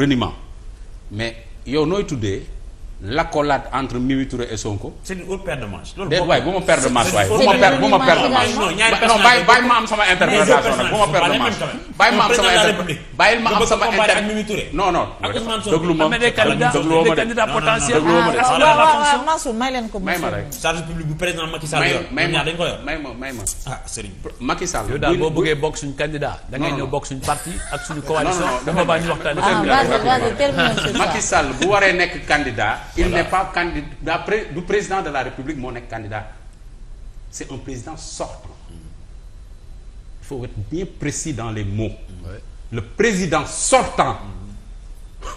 reniement mais yow nooy tuddee l'accolade entre Mimi Touré et Sonko. c'est une haute paire de manches. loolu boo waay bu ma paire de manches bu ma paire bu de manches. bu ma paire de manches. bàyyi ma am de candidat potentiel. Ah, may leen ko. may ma rek may ma may ma ah, may boo bëggee bokk suñu candidat. da ngay ñëw bokk suñu parti ak suñu coalition. dafa bu waree nekk candidat il voilà. n'est pas candidat du président de la République moo nekk candidat c'est un président sortant il faut être bien précis dans les mots ouais. le président sortant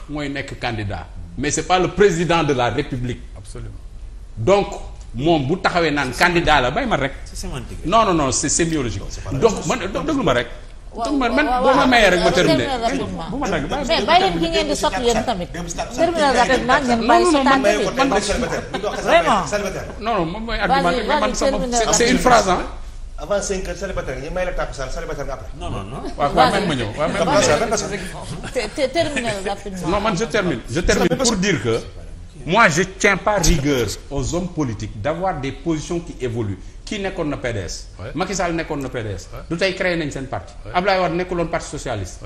mooy nekk candidat mais c'est pas le président de la République absolument donc moom bu taxawee naan candidat la bay ma rek non non non c'est sémiologique donc man déglu ma rek waaw man man boo ma mayee rek ma terminé. bu ma dagg bàyyi mais bàyyi leen ki ngeen di sotti yéen tamit. terminé la rek nag ngeen bàyyi si tànk bi man vraiment. non non moom mooy argument man sama c'est une phrase ah. avant cinq heures célibataire ñu may la tàkkusaan célibataire nga après. non non non waaw waaw même ma ñëw waaw même ma ñëw. terminé rapidement. non man je termine je termine pour dire que. moi je tiens pas rigueur aux hommes politiques d'avoir des positions qui évoluent kii nekkoon na PDS. Macky Sall nekkoon na PDS. du tey créé nañ seen parti. Abdoulaye Wade nekkuloon parti socialiste.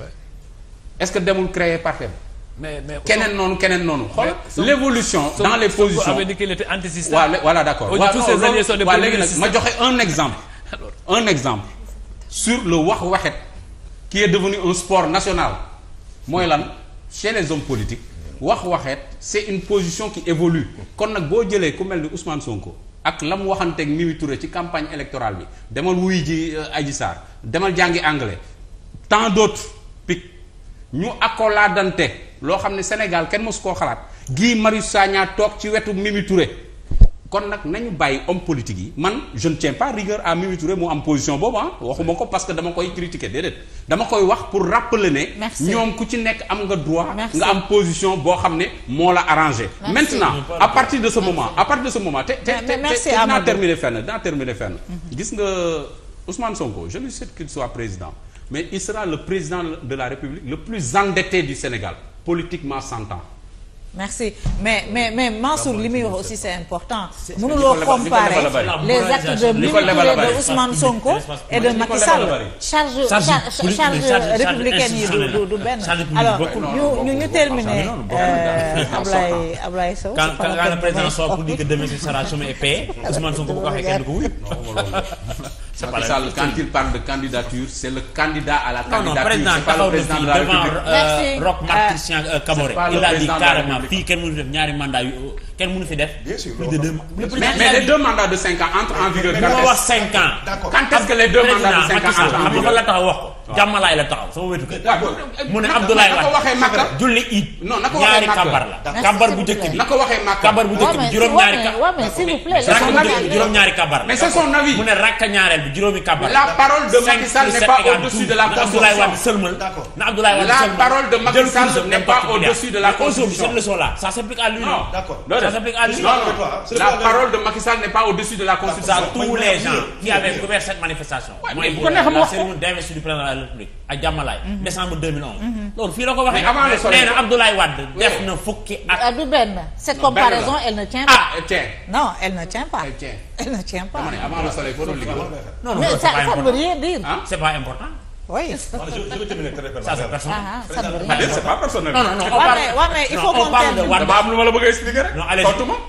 est-ce que demul créer parti mais mais keneen noonu keneen noonu. xool l'évolution dans les positions avait dit qu'il était anti-système. waaw voilà d'accord waaw léegi nag ma joxe un exemple. un exemple sur le wax waxet qui est devenu un sport national mooy lan chez les hommes politiques. wax waxeet c'est une position qui évolue kon nag boo jëlee ku mel ni son ko ak la mu waxanteeg Mimi Touré ci campagne électorale bi demal wuy ji euh, Adji Sarr demal jàngi anglais temps d'autres pic ñu accoladante loo xam ne Sénégal kenn mosu koo xalaat Guy Marius Sagna toog ci wetu Mimi Touré kon nag nañu bàyyi homme politique yi man je ne tiens pas rigueur à Mimi Touré am position boobu ah waxuma ko parce que dama koy critiquer déedéet dama koy wax pour rappeler ne ñoom ku ci nekk am nga droit nga am position boo xam ne moo la arrangé maintenant à partir de ce moment à partir de ce moment te te te dinaa terminer fenn dinaa terminer fenn mhm. gis nga Ousmane Sonko je lui souhaite qu'il soit président mais il sera le président de la République le plus endetté du Sénégal politiquement s'entend merci mais mais mais Mansour li muy wax aussi c'est important. mënuloo comparer les actes de mimicure de Ousmane Sonko et de Macky Sall. charge charge yi du du du terminer ah, euh, Ablaye Ablaye Sow. quand quand le pour dire que demain ce sera chômage et paix Ousmane Sonko bu ko waxee kenn du ko c'est pas la Sall quand il parle de candidature c'est le candidat à la candidature c'est pas le euh, euh, président de la République Roch Martí Caboré il a dit carrément fii kenn mënu def ñaari mandat yu kenn mënu fi def. bien sûr plus de deux mais mais les deux mandats de cinq ans entrent en vigueur. mais wax cinq ans. d'accord quand est-ce que les deux mandats de cinq ans entrent en vigueur xam nga la taxaw wax ko. jàmmalaay la taxaw sama wetu kër. mu ne Abdoulaye Wade julli it. non na ko waxee ñaari kabar la. kabar bu njëkk bi na ko waxee Makka. kabar bu njëkk bi juróom-ñaari. waaw mais s'il vous plaît. juróom-ñaari kabar la. mais c'est son avis. mu ne rakk ñaareel bi juróomi kabar la. la parole de Macky Sall n'est pas au-dessus de la constitution. na Abdoulaye Wade sëlmal. la parole de Macky Sall n'est pas au-dessus de la constitution. aujourd'hui cette leçon là ça s'applique à lui. d'accord la parole de Macky Sall n'est pas au-dessus de la Constitution. tous les gens qui avaient couvert cette manifestation. mooy bu la cérémonie d'investiture du président de la République ak Diamalaye. Mhm. Mhm. décembre 2011. Mhm. loolu fii la ko waxee. avant le nee na Abdoulaye Wade def na fukki at. Ah, du benn cette comparaison elle ne tient pas. Ah, non elle ne tient pas. elle tient. elle ne tient pas. avant le soleil foo doon liggéey. non non c'est pas oui. je a terminer très rapidement. ça a personnel. c'est pas personnel. non non non il faut qu'on termine. dama am lu ma la bëgg a expliquer rek.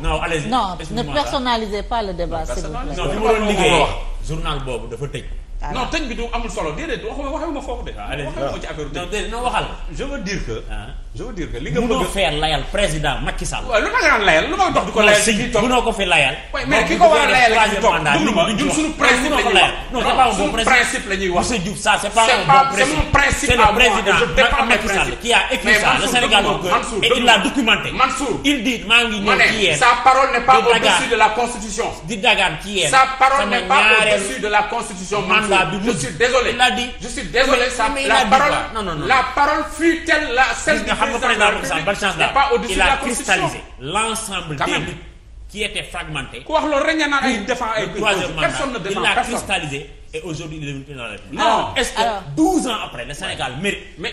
non allez non ne personnalisez pas le débat s'il vous plaît. non li ma doon liggéey journal boobu dafa tëj. Ah, non tëj bi du amul solo déedéet waxuma waxuma foofu de. waaw waxuma ci affaire non déedéet non waxal. je veux dire que. Ah. je veux dire que li nga bëgg. munoo fee layal président Macky Sall. waaw lu ma nga naan layal lu ma dox di ko layal. si munoo ko fi layal. mais ki ko war a layal ak ki toog déglu ma ñun suñu principe la ñuy wax. non suñu principe la ñuy wax. monsieur Diouf ça c'est pas un bon principe. c'est le président Macky Sall qui a écrit ça le Sénégal au cœur et il l'a documenté. Mansour il dit maa ngi ñëw ci yéen. sa parole n'est pas au-dessus de la constitution. di dagaan ci yéen. sa parole n'est pas au-dessus de la constitution. candidat bi je suis a dit je suis désolé ça la parole non non non la parole fut-elle la celle du président la il a cristallisé l'ensemble des luttes qui étaient fragmentées ku wax loolu rek nga naan ay défend ay personne ne il a cristallisé e aujourd'hui il est devenu président de la non est-ce que alors, ans après le Sénégal mérite. mais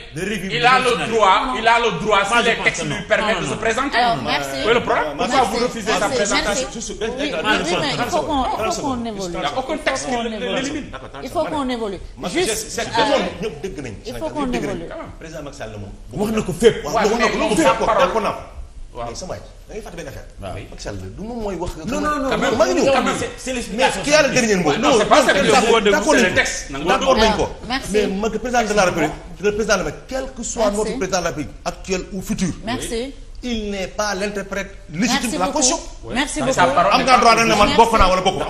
il a le droit il a le droit. si les textes lui permettent de se présenter. alors merci le problème pourquoi vous refusez il faut qu'on évolue. aucun qu'on évolue. il faut qu'on évolue. président Macky Sall moom. wax na ko fépp. wax na ko fépp waaw mais sama fàtte benn affaire. du moom mooy wax. non non non maa ñëw c'est l'explication. mais qui a le dernier nañ ko mais mag président de la République. le président de la que soit président de la République. actuel ou futur. merci. il n'est pas l'interprète légitime de la Constitution. merci beaucoup am nga droit na ne man bokk naa wala bokk